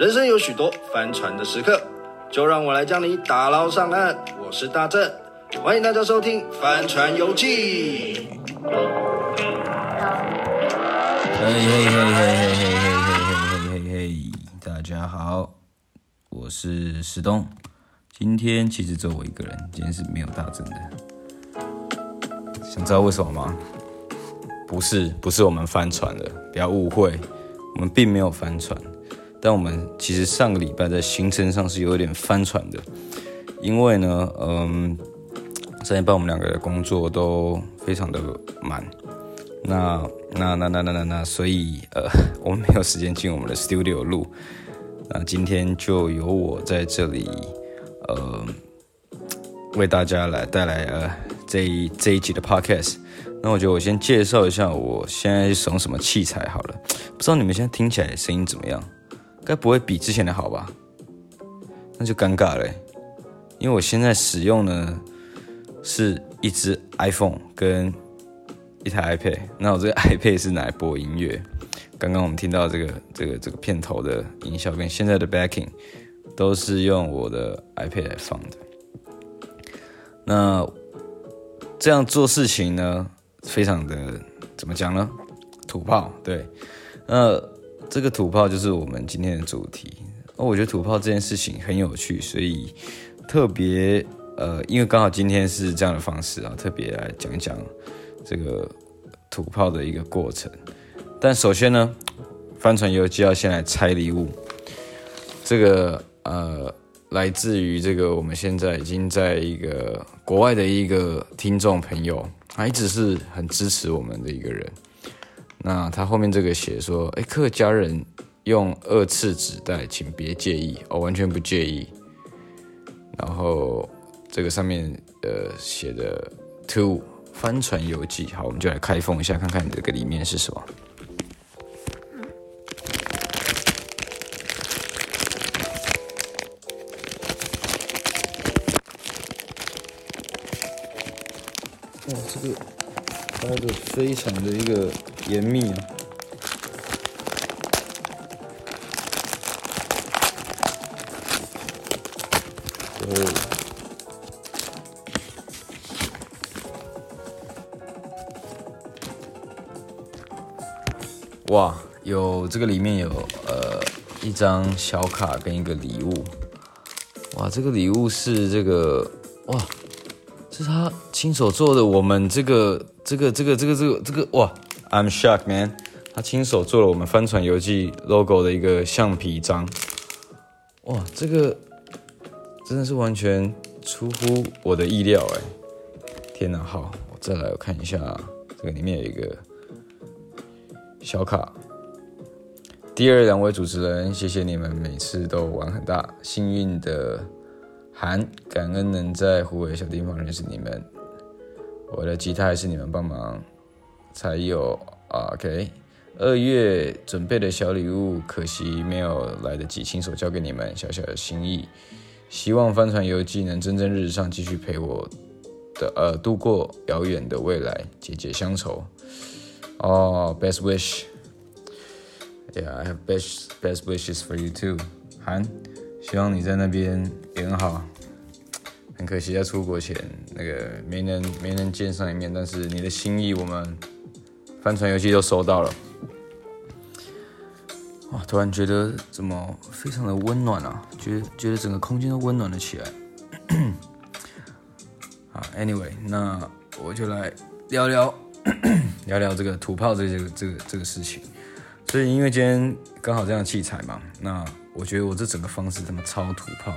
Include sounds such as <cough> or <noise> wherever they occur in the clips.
人生有許多翻船的時刻，就讓我來將你打撈上岸。我是大正，歡迎大家收聽《翻船遊記》。嘿，嘿，嘿，嘿，嘿，嘿，嘿，嘿，嘿，嘿，嘿，大家好，我是史東。今天其實只有我一個人，今天是沒有大正的。想知道為什麼嗎？不是，不是我們翻船了，不要誤會，我們並沒有翻船。但我們其實上個禮拜在行程上是有點翻船的，因為呢，嗯，上禮拜我們兩個的工作都非常的滿，那那那那那那那，所以呃，我們沒有時間進我們的 studio 錄。那今天就由我在這裡呃，為大家來帶來呃這一這一集的 podcast。那我覺得我先介紹一下我現在使用什麼器材好了，不知道你們現在聽起來聲音怎麼樣？該不會比之前的好吧？那就尷尬了，欸。因為我現在使用的是一支 iPhone 跟一台 iPad。那我這個 iPad 是哪一波音樂？剛剛我們聽到這個這個這個片頭的音效跟現在的 backing 都是用我的 iPad 來放的。那這樣做事情呢，非常的怎麼講呢？土炮，對，那。這個土炮就是我們今天的主題哦，我覺得土炮這件事情很有趣，所以特別呃，因為剛好今天是這樣的方式啊，特別來講一講這個土炮的一個過程。但首先呢，帆船遊記要先來拆禮物，這個呃，來自於這個我們現在已經在一個國外的一個聽眾朋友，他一直是很支持我們的一個人。那他後面這個寫說，哎，客家人用二次紙袋，請別介意我。哦、完全不介意。然後這個上面呃寫的，two 帆船遊記。好，我們就來開封一下，看看這個裡面是什麼。哇，嗯，這個包的非常的一個。嚴密啊！哦，哇，有這個裡面有呃一張小卡跟一個禮物。哇，這個禮物是這個哇，這是他親手做的。我們這個這個這個這個這個這個哇。I'm Shock Man，他親手做了我們《帆船遊記》logo 的一個橡皮章。哇，這個真的是完全出乎我的意料誒。天哪，好，我再來看一下，這個裡面有一個小卡。第二兩位主持人，謝謝你們每次都玩很大，幸運的韓，感恩能在湖北小地方認識你們。我的吉他還是你們幫忙才有啊，OK，二月準備的小禮物，可惜沒有來得及親手交給你們，小小的心意。希望帆船遊記能蒸蒸日上，繼續陪我的呃度過遙遠的未來，解解鄉愁。哦，oh，best wish，Yeah，I have best best wishes for you too，韓，希望你在那邊也很好。很可惜在出國前那個沒能沒能見上一面，但是你的心意我們。帆船遊戲就收到了，哇！突然覺得怎麼非常的溫暖啊，覺得覺得整個空間都溫暖了起來。啊，anyway，那我就來聊聊聊聊這個土炮這個這個、這個、這個事情。所以因為今天剛好這樣器材嘛，那我覺得我這整個方式怎麼超土炮，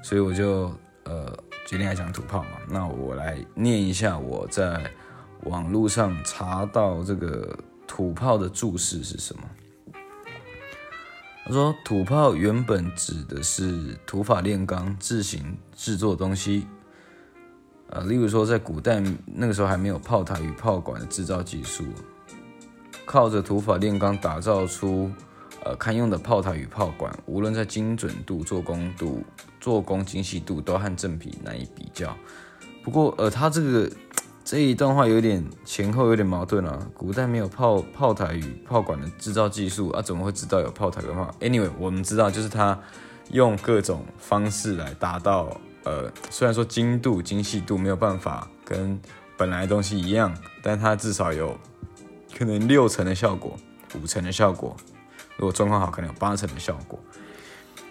所以我就呃決定來講土炮，嘛，那我來念一下我在。網絡上查到這個土炮的注釋是什麼？他說，土炮原本指的是土法煉鋼自行制作的東西。呃，例如說在古代那個時候還沒有炮台與炮管的制造技術，靠着土法煉鋼打造出呃堪用的炮台與炮管，無論在精準度、做工度、做工精細度，都和正品難以比較。不過呃，他這個。這一段話有點前後有點矛盾啊，古代沒有炮炮台與炮管的制造技術啊，怎麼會知道有炮台的話？Anyway，我們知道就是它用各種方式來達到呃，雖然說精度精細度沒有辦法跟本來的東西一樣，但它至少有可能六成的效果，五成的效果，如果狀況好可能有八成的效果。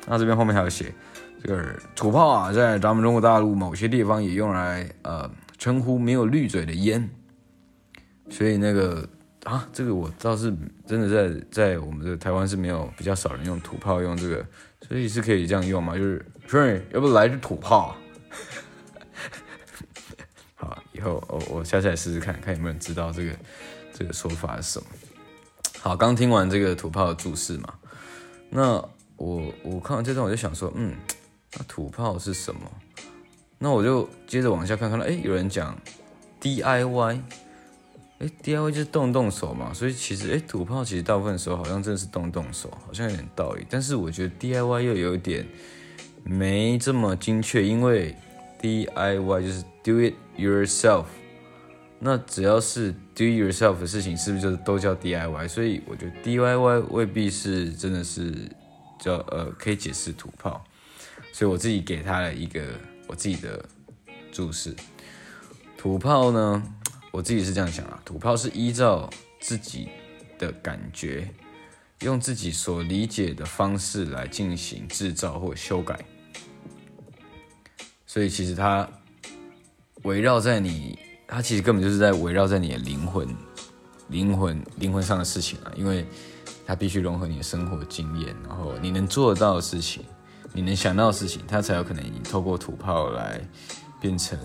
那這邊後面還有寫，這個土炮啊，在咱們中國大陸某些地方也用來呃。稱呼沒有濾嘴的煙，所以那個啊，這個我倒是真的在在我們的台灣是沒有比較少人用土炮用這個，所以是可以這樣用嗎？就是 f r 要不來只土炮。 <laughs> 好，以後我、哦、我下下來試試看看有沒有人知道這個這個說法是什麼。好，剛聽完這個土炮的注釋嘛，那我我看完這段我就想說，嗯，那土炮是什麼？那我就接着往下看，看，看到哎，有人講 DIY，哎、欸、，DIY 就是動動手嘛，所以其實哎、欸，土炮其實大部分時候好像真的是動動手，好像有點道理。但是我覺得 DIY 又有點沒這麼精確，因為 DIY 就是 Do it yourself，那只要是 Do yourself 的事情，是不是就都叫 DIY？所以我覺得 DIY 未必是真的是叫呃可以解釋土炮，所以我自己給他了一個。我自己的註釋，土炮呢？我自己是這樣想啊，土炮是依照自己的感覺，用自己所理解的方式來進行制造或修改。所以其實它圍繞在你，它其實根本就是在圍繞在你的靈魂、靈魂、靈魂上的事情啊，因為它必須融合你的生活經驗，然後你能做得到的事情。你能想到的事情，它才有可能透過土炮來變成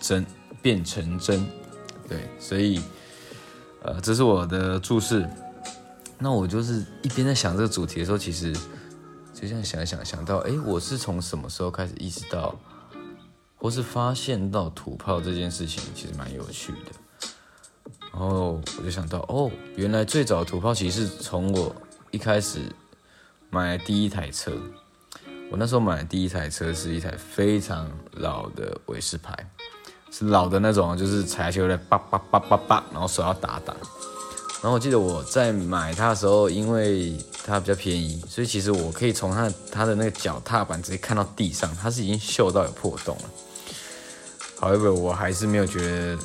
真，變成真，對，所以，呃，這是我的注釋。那我就是一邊在想這個主題的時候，其實就這樣想想，想到誒、欸，我是從什麼時候開始意識到，或是發現到土炮這件事情其實蠻有趣的？然後我就想到，哦，原來最早的土炮其實是從我一開始買第一台車。我那時候買的第一台車是一台非常老的偉士牌，是老的那種，就是踩起來叭叭叭叭叭，然後手要打打。然後我記得我在買它的時候，因為它比較便宜，所以其實我可以從它的它的那個腳踏板直接看到地上，它是已經鏽到有破洞了。好在我還是沒有覺得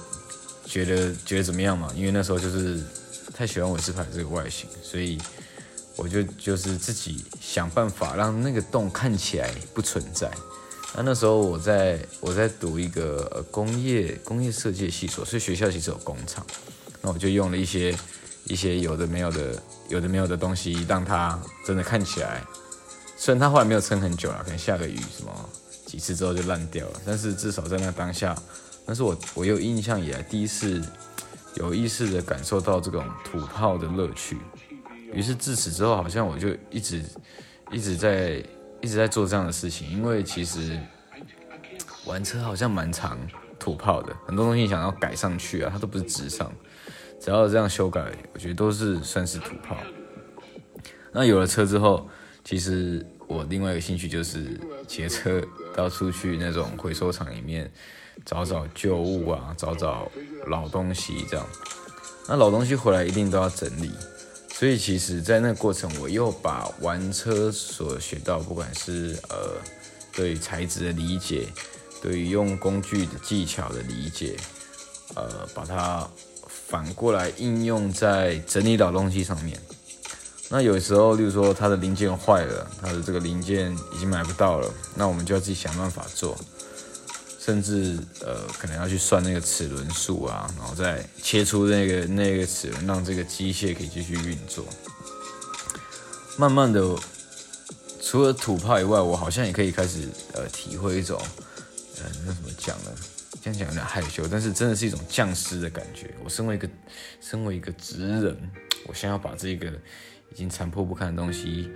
覺得覺得怎麼樣嘛，因為那時候就是太喜歡偉士牌這個外形，所以。我就就是自己想辦法讓那個洞看起來不存在。那那時候我在我在讀一個工業工業設計系所，所以學校其實有工廠。那我就用了一些一些有的沒有的有的沒有的東西，讓它真的看起來。雖然它後來沒有撐很久了，可能下個雨什麼幾次之後就爛掉了。但是至少在那當下，那是我我有印象以來第一次有意識地感受到這種土炮的樂趣。於是自此之後，好像我就一直一直在一直在做這樣的事情，因為其實玩車好像蠻常土炮的，很多東西想要改上去啊，它都不是直上，只要有這樣修改，我覺得都是算是土炮。那有了車之後，其實我另外一個興趣就是騎車，到處去那種回收廠裡面找找舊物啊，找找老東西這樣。那老東西回來一定都要整理。所以其實，在那個過程，我又把玩車所學到，不管是呃，對於材質的理解，對於用工具的技巧的理解，呃，把它反過來應用在整理老東西上面。那有時候，例如說它的零件壞了，它的這個零件已經買不到了，那我們就要自己想辦法做。甚至呃，可能要去算那個齒輪數啊，然後再切出那個那個齒輪，讓這個機械可以繼續運作。慢慢的，除了土炮以外，我好像也可以開始呃，體會一種呃，那怎麼講呢？這樣講有點害羞，但是真的是一種匠師的感覺。我身為一個身為一個職人，我想要把這個已經殘破不堪的東西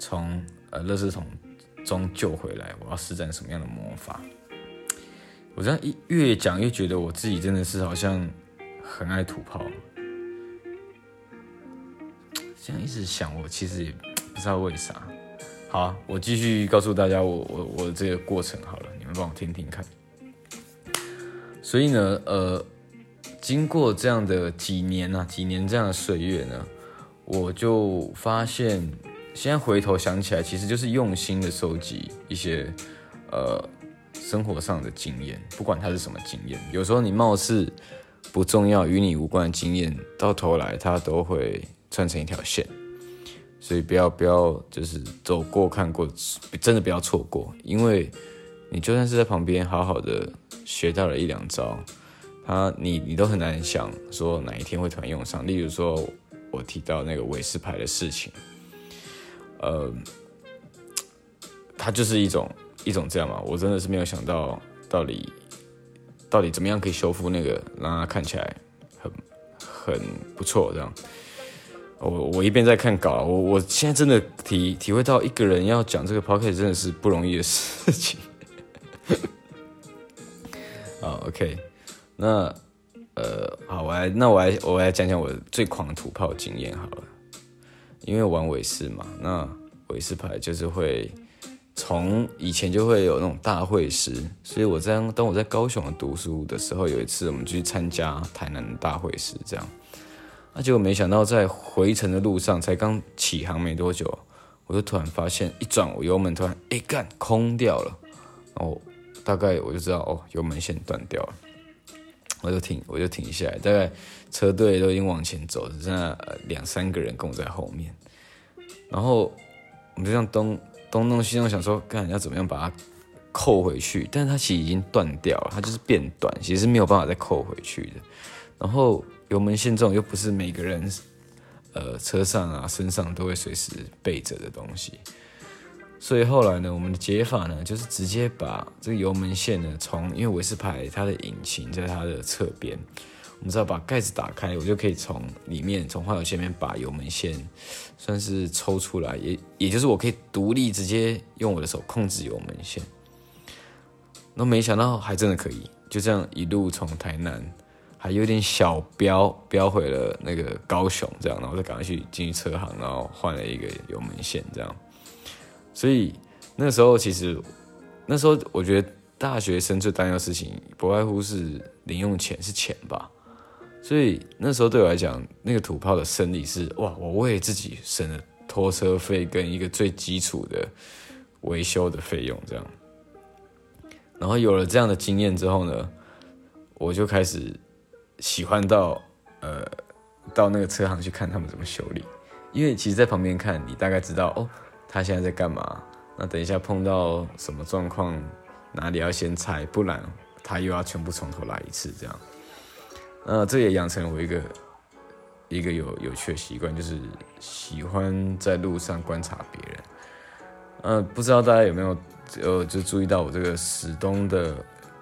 從呃，垃圾桶中救回來，我要施展什麼樣的魔法？我這樣一越講越覺得我自己真的是好像很愛土炮，這樣一直想，我其實也不知道為啥。好、啊，我繼續告訴大家我我我這個過程好了，你們幫我聽聽看。所以呢，呃，經過這樣的幾年啊，幾年這樣的歲月呢，我就發現，現在回頭想起來，其實就是用心的收集一些，呃。生活上的經驗，不管它是什麼經驗，有時候你貌似不重要、與你無關的經驗，到頭來它都會串成一條線。所以不要不要，就是走過看過，真的不要錯過，因為你就算是在旁邊好好的學到了一兩招，他你你都很難想說哪一天會突然用上。例如說，我提到那個韋氏牌的事情，呃，它就是一種。一種這樣嘛，我真的是沒有想到，到底到底怎麼樣可以修復那個，讓它看起來很很不錯。這樣，我我一邊在看稿，我我現在真的體體會到一個人要講這個 podcast 真的是不容易的事情。 <laughs> 好，OK，那呃，好，我來，那我來，我來講講我最狂土炮經驗好了，因為玩韋氏嘛，那韋氏牌就是會。從以前就會有那種大會師，所以我在當我在高雄讀書的時候，有一次我們去參加台南大會師這樣，那結果沒想到在回程的路上，才剛起航，沒多久，我就突然發現一轉我油門，突然哎幹、欸、空掉了，然後大概我就知道哦，油門線斷掉了，我就停，我就停下來，大概車隊都已經往前走，只剩下、呃、兩三個人跟我在後面，然後我們就像登。東弄西弄，想說看要怎麼樣把它扣回去，但是它其實已經斷掉了，它就是變短，其實是沒有辦法再扣回去的。然後油門線這種又不是每個人呃車上啊身上都會隨時備着的東西，所以後來呢，我們的解法呢就是直接把這個油門線呢從因為偉士牌它的引擎在它的側邊。你知道把蓋子打開，我就可以從裡面從化油器裡面把油門線算是抽出來，也也就是我可以獨立直接用我的手控制油門線。那沒想到還真的可以，就這樣一路從台南還有點小飆飆回了那個高雄，這樣，然後就趕快去進去車行，然後換了一個油門線，這樣。所以那時候其實那時候我覺得大學生最擔憂的事情不外乎是零用錢是錢吧。所以那時候對我來講，那個土炮的勝利是哇，我為自己省了拖車費跟一個最基礎的維修的費用，這樣。然後有了這樣的經驗之後呢，我就開始喜歡到呃到那個車行去看他們怎麼修理，因為其實，在旁邊看你大概知道哦，他現在在幹嘛。那等一下碰到什麼狀況，哪裡要先拆，不然他又要全部從頭來一次這樣。呃，這也養成了我一個一個有有趣的習慣，就是喜歡在路上觀察別人。呃，不知道大家有沒有呃，就注意到我這個史東的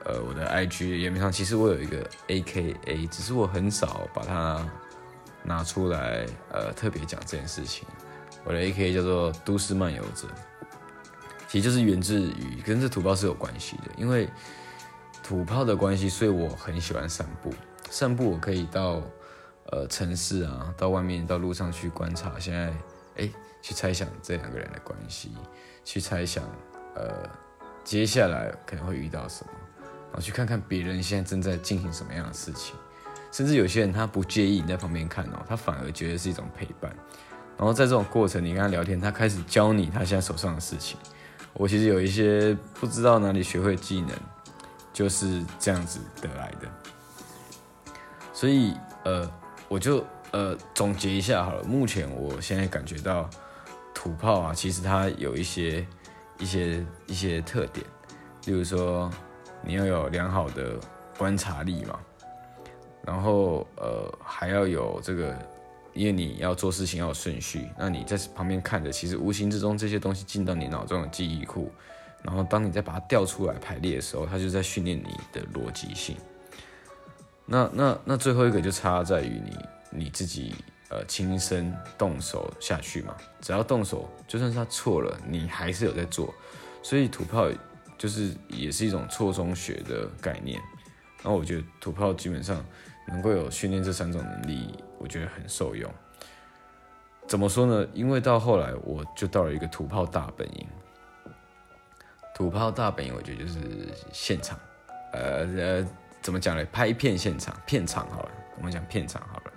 呃，我的 I G 頁面上，其實我有一個 A K A，只是我很少把它拿出來呃，特別講這件事情。我的 A K A 叫做都市漫遊者，其實就是源自於跟這土炮是有關係的，因為土炮的關係，所以我很喜歡散步。散步，我可以到，呃，城市啊，到外面，到路上去觀察。現在，哎，去猜想這兩個人的關係，去猜想，呃，接下來可能會遇到什麼，然後去看看別人現在正在進行什麼樣的事情。甚至有些人他不介意你在旁邊看哦，他反而覺得是一種陪伴。然後在這種過程，你跟他聊天，他開始教你他現在手上的事情。我其實有一些不知道哪裡學會技能，就是這樣子得來的。所以，呃，我就呃總結一下好了。目前，我現在感覺到土炮啊，其實它有一些一些一些特點，例如說，你要有良好的觀察力嘛，然後呃還要有這個，因為你要做事情要有順序，那你在旁邊看着，其實無形之中這些東西進到你腦中的記憶庫，然後當你再把它調出來排列的時候，它就在訓練你的邏輯性。那那那最後一個就差在於你你自己，呃，親身動手下去嘛。只要動手，就算是他錯了，你還是有在做。所以土炮就是也是一種錯中學的概念。那我覺得土炮基本上能夠有訓練這三種能力，我覺得很受用。怎麼說呢？因為到後來我就到了一個土炮大本營。土炮大本營，我覺得就是現場，呃呃。怎麼講呢？拍片現場，片場好了，我們講片場好了。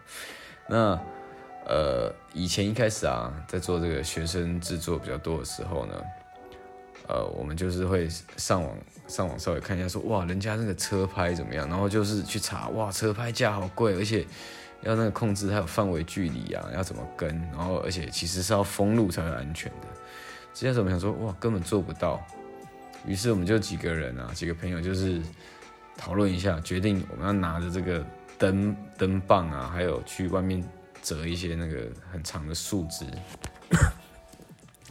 那呃，以前一開始啊，在做這個學生製作比較多的時候呢，呃，我們就是會上網，上網稍微看一下說哇，人家那個車拍怎麼樣？然後就是去查，哇，車拍價好貴，而且要那個控制它有範圍距離啊，要怎麼跟？然後而且其實是要封路才會安全的。之前怎麼想說，哇，根本做不到。於是我們就幾個人啊，幾個朋友就是。討論一下，決定我們要拿着這個燈燈棒啊，還有去外面折一些那個很長的樹枝。 <laughs>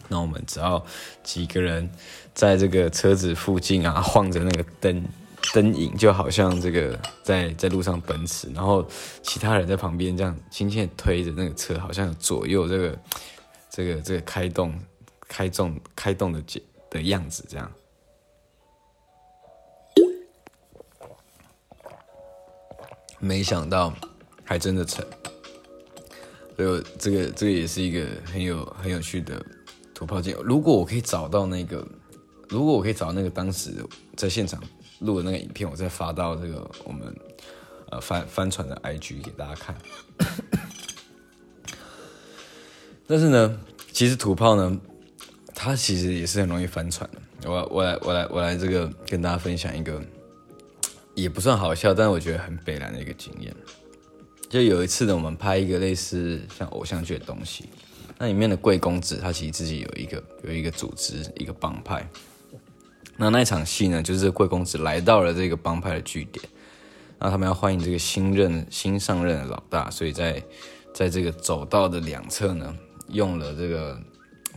那我們只要幾個人在這個車子附近啊，晃着那個燈燈影，就好像這個在在路上奔馳，然後其他人在旁邊這樣輕輕地推着那個車，好像有左右這個這個這個開動開動開動的的的樣子這樣。沒想到還真的成，這個這個也是一個很有很有趣的土炮經。如果我可以找到那個，如果我可以找到那個當時在現場錄的那個影片，我再發到這個我們呃翻翻船的 IG 給大家看。 <coughs> 但是呢，其實土炮呢，它其實也是很容易翻船的。我我來我來我來這個跟大家分享一個。也不算好笑，但是我覺得很悲涼的一個經驗。就有一次呢，我們拍一個類似像偶像劇的東西，那裡面的貴公子他其實自己有一個有一個組織一個幫派。那那場戲呢，就是貴公子來到了這個幫派的據點，那他們要歡迎這個新任新上任的老大，所以在在這個走道的兩側呢，用了這個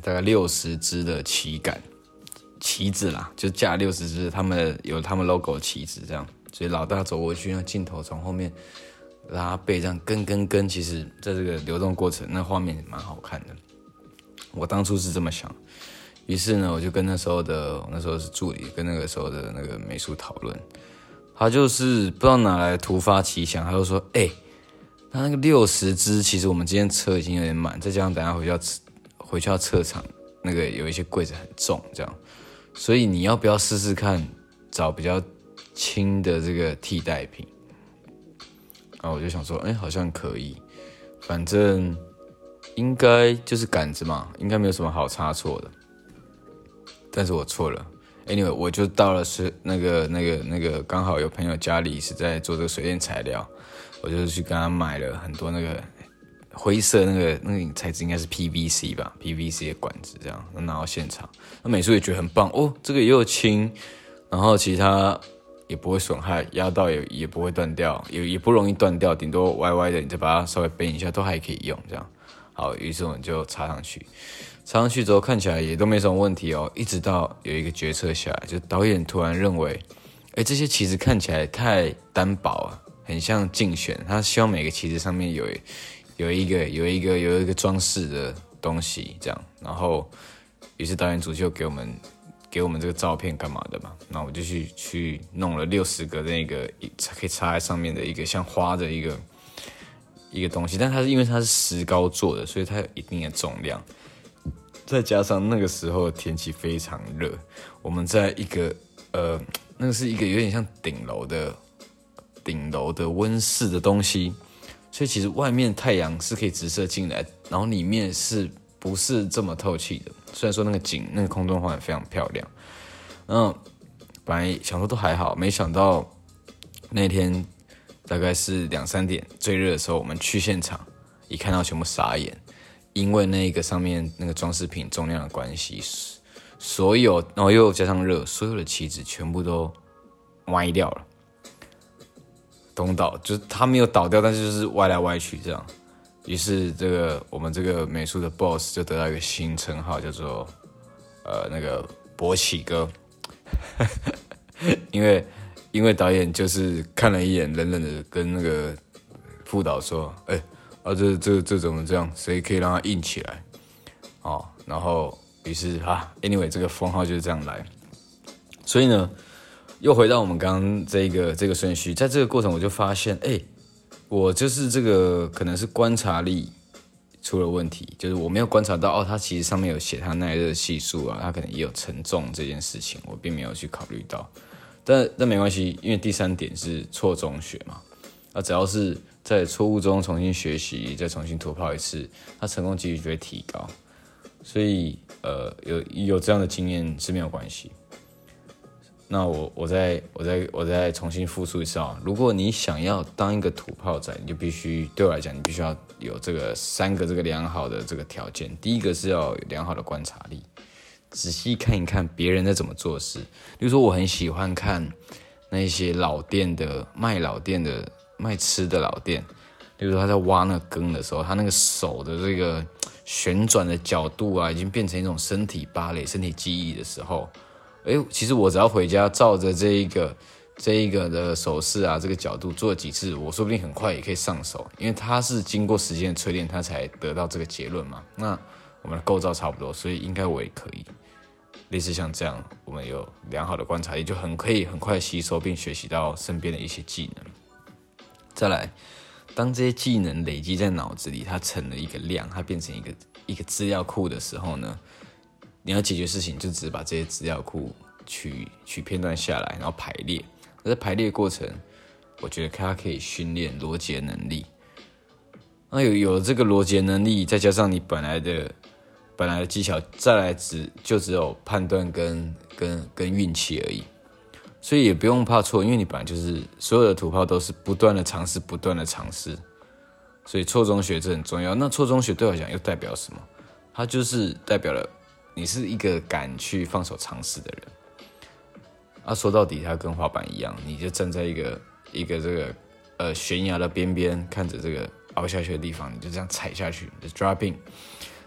大概六十支的旗杆，旗子啦，就架了六十支他們有他們 logo 的旗子這樣。所以老大走過去，那鏡頭從後面拉背這樣，跟跟跟，其實在這個流動過程，那畫面蠻好看的。我當初是這麼想，於是呢，我就跟那時候的那時候是助理，跟那個時候的那個美術討論。他就是不知道哪來突發奇想，他就說：“哎、欸，他那個六十只，其實我們今天車已經有點滿，再加上等下回去要車回去要撤場，那個有一些櫃子很重這樣，所以你要不要試試看，找比較。”輕的這個替代品，然後我就想說，哎、欸，好像可以，反正應該就是桿子嘛，應該沒有什麼好差錯的。但是我錯了，anyway，我就到了是那個那個那個剛好有朋友家裡是在做這個水電材料，我就去跟他買了很多那個灰色那個那個材質，應該是 PVC 吧，PVC 的管子這樣，拿到現場，那美術也覺得很棒哦，這個也有輕，然後其他。也不會損害，壓到也也不會斷掉，也也不容易斷掉，頂多歪歪的，你就把它稍微掰一下，都還可以用。這樣，好，於是我們就插上去，插上去之後看起來也都沒什麼問題哦。一直到有一個決策下來，就導演突然認為，哎、欸，這些旗子看起來太單薄啊，很像競選，他希望每個旗子上面有有一個有一個有一個裝飾的東西，這樣。然後，於是導演組就給我們。給我們這個照片幹嘛的嘛？然後我就去去弄了六十個那個可以插在上面的一個像花的一個一個東西，但它是因為它是石膏做的，所以它有一定的重量。再加上那個時候天氣非常熱，我們在一個呃，那個是一個有點像頂樓的頂樓的溫室的東西，所以其實外面太陽是可以直射進來，然後裡面是。不是這麼透氣的。雖然說那個景，那個空中花園非常漂亮。嗯，本來想說都還好，沒想到那天大概是兩三點最熱的時候，我們去現場，一看到全部傻眼，因為那個上面那個裝飾品重量的關係，所有然後、哦、又加上熱，所有的旗子全部都歪掉了。東倒就是它沒有倒掉，但是就是歪來歪去這樣。於是，這個我們這個美術的 boss 就得到一個新稱號，叫做呃那個勃起哥， <laughs> 因為因為導演就是看了一眼，冷冷的跟那個副導說：“哎、欸，啊這這這怎麼這樣？所以可以讓他硬起來哦，然後，於是啊，anyway，這個封號就是這樣來。所以呢，又回到我們剛剛這個這個順序，在這個過程我就發現，哎、欸。我就是這個，可能是觀察力出了問題，就是我沒有觀察到哦，它其實上面有寫它的耐熱係數啊，它可能也有承重這件事情，我並沒有去考慮到。但但沒關係，因為第三點是錯中學嘛，那只要是在錯誤中重新學習，再重新土炮一次，它成功幾率就會提高。所以呃，有有這樣的經驗是沒有關係。那我我再我再我再重新複述一次啊，哦！如果你想要當一個土炮仔，你就必須，對我來講，你必須要有這個三個這個良好的這個條件。第一個是要良好的觀察力，仔細看一看別人在怎麼做事。比如說，我很喜歡看那些老店的賣老店的賣吃的老店，例如說他在挖那根的時候，他那個手的這個旋轉的角度啊，已經變成一種身體芭蕾、身體記憶的時候。誒、欸，其實我只要回家照着這一個、這一個的手勢啊，這個角度做了幾次，我說不定很快也可以上手。因為他是經過時間的淬煉，他才得到這個結論嘛。那我們的構造差不多，所以應該我也可以。類似像這樣，我們有良好的觀察力，就很可以很快吸收並學習到身邊的一些技能。再來，當這些技能累積在腦子裡，它成了一個量，它變成一個一個資料庫的時候呢？你要解決事情，就只把這些資料庫取取片段下來，然後排列。那在排列過程，我覺得它可以訓練邏輯能力。那有有這個邏輯能力，再加上你本來的本來的技巧，再來只就只有判斷跟跟跟運氣而已。所以也不用怕錯，因為你本來就是所有的土炮都是不斷的嘗試，不斷的嘗試。所以錯中學這很重要。那錯中學對我講又代表什麼？它就是代表了。你是一個敢去放手嘗試的人，啊，說到底，它跟滑板一樣，你就站在一個一個這個呃懸崖的邊邊，看着這個凹下去的地方，你就這樣踩下去，你 drop in。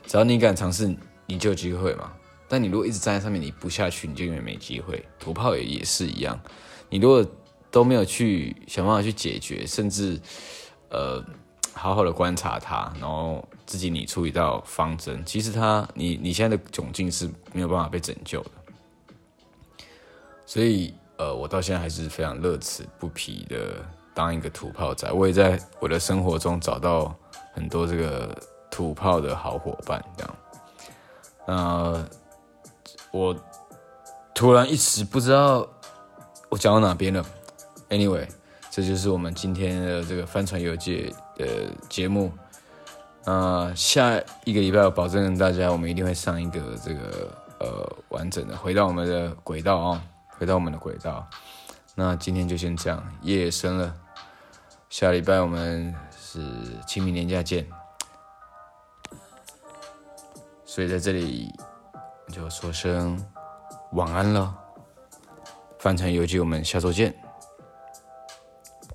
只要你敢嘗試，你就有機會嘛。但你如果一直站在上面，你不下去，你就永遠沒機會。土炮也也是一樣，你如果都沒有去想辦法去解決，甚至呃好好的觀察它，然後。自己擬出一道方針，其實他，你，你現在的窘境是沒有辦法被拯救的。所以，呃，我到現在還是非常樂此不疲的當一個土炮仔，我也在我的生活中找到很多這個土炮的好伙伴，這樣。呃，我突然一時不知道我講到哪邊了。Anyway，這就是我們今天的這個帆船遊記的節目。呃，下一個禮拜我保證大家，我們一定會上一個這個呃完整的，回到我們的軌道啊、哦，回到我們的軌道。那今天就先這樣，夜，夜深了，下禮拜我們是清明年假見。所以在這裡就說聲晚安了，翻成遊記，我們下周見。